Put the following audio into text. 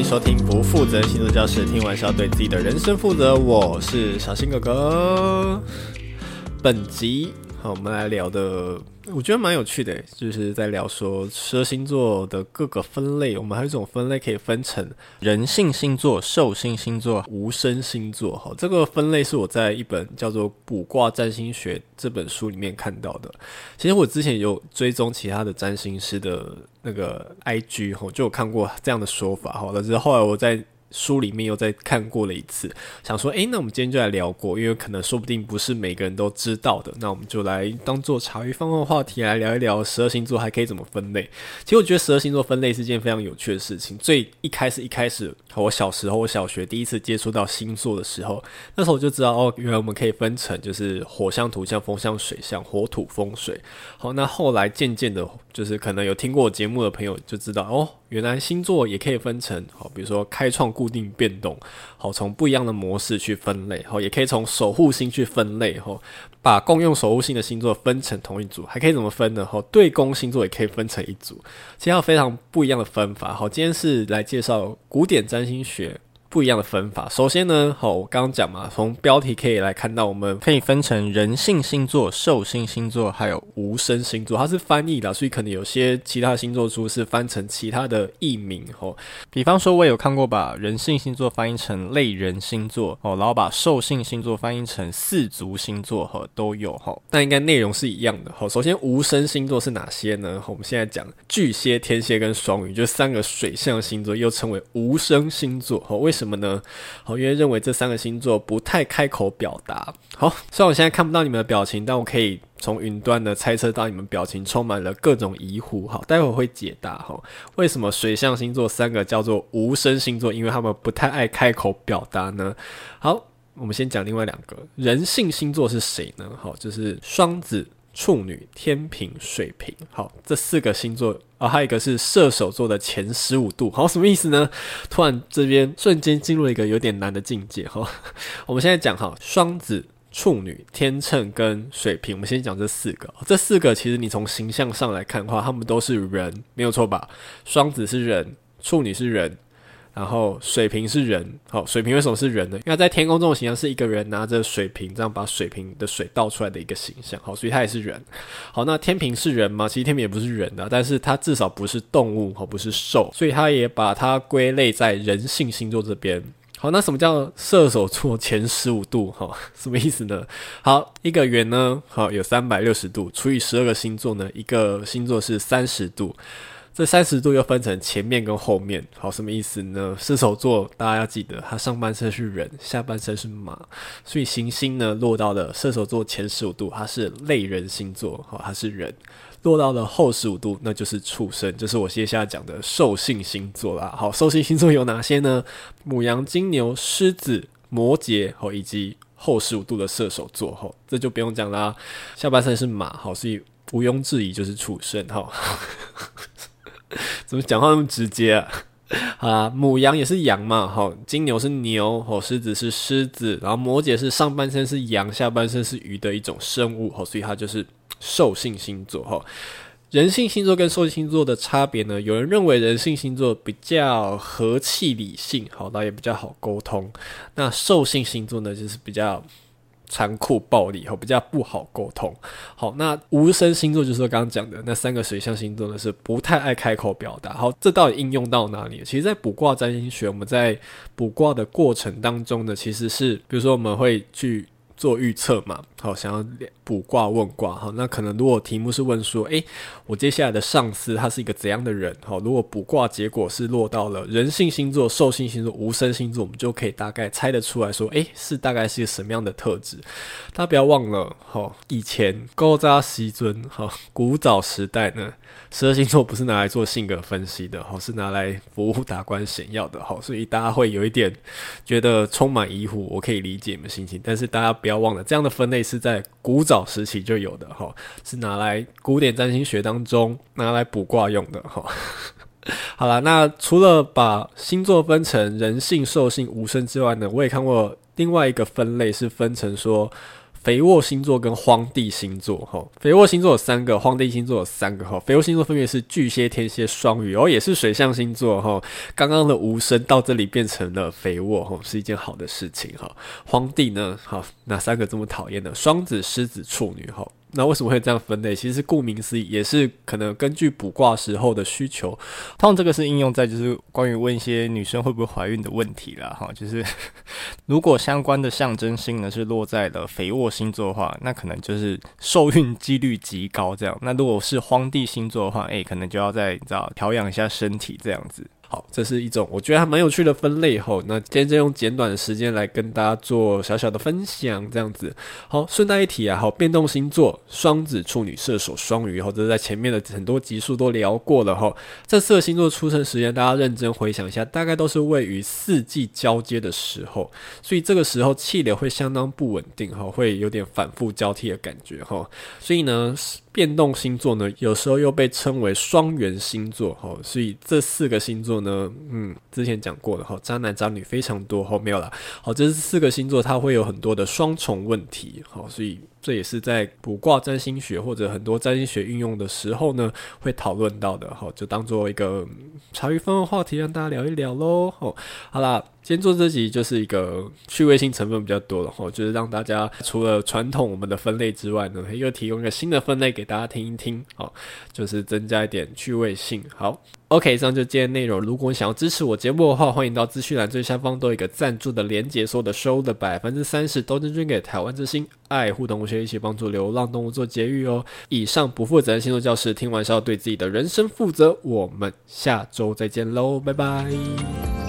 歡迎收聽《不負責星座教室》，聽完是要對自己的人生負責。我是小新哥哥，本集。好，我們來聊的，我覺得蠻有趣的，就是在聊說十二星座的各個分類。我們還有一種分類可以分成人性星座、獸性星座、無聲星座。好，這個分類是我在一本叫做《卜卦占星學》這本書裡面看到的。其實我之前有追蹤其他的占星師的那個 IG，吼，就有看過這樣的說法。吼，但是後來我在。書裡面又再看過了一次，想說，誒、欸，那我們今天就來聊過，因為可能說不定不是每個人都知道的，那我們就來當做茶餘飯後話題來聊一聊十二星座還可以怎麼分類。其實我覺得十二星座分類是件非常有趣的事情。最一開始一開始，我小時候我小學第一次接觸到星座的時候，那時候我就知道哦，原來我們可以分成就是火象、土象、風象、水象，火土風水。好，那後來漸漸的，就是可能有聽過我節目的朋友就知道哦。原來星座也可以分成哦，比如說開創、固定、變動，好，從不一樣的模式去分類，好，也可以從守護星去分類，好，把共用守護星的星座分成同一組，還可以怎麼分呢？好，對宮星座也可以分成一組，今天有非常不一樣的分法。好，今天是來介紹古典占星學。不一樣的分法，首先呢，好，我剛剛講嘛，從標題可以來看到，我們可以分成人性星座、獸性星座，還有無聲星座。它是翻譯的，所以可能有些其他星座書是翻成其他的譯名，哦，比方說，我有看過把人性星座翻譯成類人星座，哦，然後把獸性星座翻譯成四足星座，吼，都有吼。但應該內容是一樣的，吼。首先，無聲星座是哪些呢？我們現在講巨蟹、天蠍跟雙魚，就三個水象星座，又稱為無聲星座，吼。為什麼為什麼呢？好，因為認為這三個星座不太開口表達。好，雖然我現在看不到你們的表情，但我可以從雲端呢猜測到你們的表情充滿了各種疑惑。好，待會兒我會解答哈，為什麼水象星座三個叫做無聲星座？因為他們不太愛開口表達呢。好，我們先講另外兩個，人性星座是誰呢？好，就是雙子。處女、天秤、水瓶，好，這四個星座啊，還、哦、有一個是射手座的前十五度，好，什麼意思呢？突然這邊瞬間進入了一個有點難的境界哈。哦、 我們現在講哈，雙子、處女、天秤跟水瓶，我們先講這四個、哦，這四個其實你從形象上來看的話，他們都是人，沒有錯吧？雙子是人，處女是人。然後水瓶是人，好，水瓶為什麼是人呢？因為在天空中的形象是一個人拿着水瓶，這樣把水瓶的水倒出來的一個形象，好，所以它也是人。好，那天秤是人嗎？其實天秤也不是人啊，但是它至少不是動物，好，不是獸，所以它也把它歸類在人性星座這邊。好，那什麼叫射手座前十五度？哈，什麼意思呢？好，一個圓呢，好，有三百六十度，除以十二個星座呢，一個星座是三十度。這三十度又分成前面跟後面，好，什麼意思呢？射手座大家要記得，它上半身是人，下半身是馬，所以行星呢落到了射手座前十五度，它是類人星座，好、哦，它是人；落到了後十五度，那就是畜生，這是我接下來講的獸性星座啦。好，獸性星座有哪些呢？牡羊、金牛、獅子、摩羯，哦、以及後十五度的射手座，哦、這就不用講啦、啊，下半身是馬，好，所以毋庸置疑就是畜生，哈、哦。 怎麼講話那麼直接啊？好，母羊也是羊嘛，吼、哦，金牛是牛，吼、哦，獅子是獅子，然後摩羯是上半身是羊，下半身是魚的一種生物，吼、哦，所以它就是獸性星座，吼、哦，人性星座跟獸性星座的差別呢？有人認為人性星座比較和氣理性，好、哦，那也比較好溝通。那獸性星座呢，就是比較。殘酷、暴力，和比較不好溝通。好，那無聲星座就是剛剛講的那三個水象星座呢，是不太愛開口表達。好，這到底應用到哪裡？其實，在卜卦占星學，我們在卜卦的過程當中呢，其實是，比如說，我們會去。做預測嘛，好，想要卜卦問卦，好，那可能如果題目是問說，誒、欸，我接下來的上司他是一個怎樣的人，好，如果卜卦結果是落到了人性星座、獸性星座、無聲星座，我們就可以大概猜得出來說，誒、欸，是大概是一個什麼樣的特質。大家不要忘了，好，以前古早時陣，好，古早時代呢，十二星座不是拿來做性格分析的，好，是拿來服務達官顯要的，好，所以大家會有一點覺得充滿疑惑，我可以理解你們心情，但是大家不要不要忘了，這樣的分類是在古早時期就有的哈，是拿來古典占星學當中拿來卜卦用的哈。 好啦，那除了把星座分成人性、獸性、無聲之外呢，我也看過另外一個分類是分成說。肥沃星座跟荒地星座，哈，肥沃星座有三個，荒地星座有三個，哈，肥沃星座分別是巨蟹、天蠍、雙魚，哦，也是水象星座，哈、哦，剛剛的無聲到這裡變成了肥沃，哈、哦，是一件好的事情，哈、哦，荒地呢，哈、哦，哪三個這麼討厭的？雙子、獅子、處女，哈、哦。那為什麼會這樣分類？其實顧名思義，也是可能根據卜卦時候的需求。通常這個是應用在，就是關於問一些女生會不會懷孕的問題了哈。就是呵呵，如果相關的象徵星呢是落在了肥沃星座的話，那可能就是受孕幾率極高。這樣，那如果是荒地星座的話，誒、欸，可能就要再找，你知道，調養一下身體這樣子。好，這是一種我覺得還蠻有趣的分類。吼，那今天就用簡短的時間來跟大家做小小的分享，這樣子。好，順帶一提啊，好，變動星座：雙子、處女、射手、雙魚。吼，這是在前面的很多集數都聊過了。吼，這四個星座出生時間，大家認真回想一下，大概都是位於四季交接的時候，所以這個時候氣流會相當不穩定，吼，會有點反覆交替的感覺，哈，所以呢。變動星座呢，有時候又被稱為雙元星座哈，所以這四個星座呢，嗯，之前講過的哈，渣男渣女非常多後沒有了，好，好，就是、這四個星座，它會有很多的雙重問題哈，所以這也是在卜卦占星學或者很多占星學運用的時候呢，會討論到的哈，就當做一個、嗯、茶餘飯後話題，讓大家聊一聊嘍，好，好啦。今天做這集就是一個趣味性成分比較多的齁，就是讓大家除了傳統我們的分類之外呢，又提供一個新的分類給大家聽一聽啊，就是增加一點趣味性。好，OK，以上就是今天內容。如果你想要支持我節目的話，歡迎到資訊欄最下方都有一個贊助的連結，所有的收的百分之三十都捐捐給台灣之心愛護動物協會一起幫助流浪動物做絕育哦。以上不負責任星座教室，聽完是要對自己的人生負責。我們下週再見嘍，拜拜。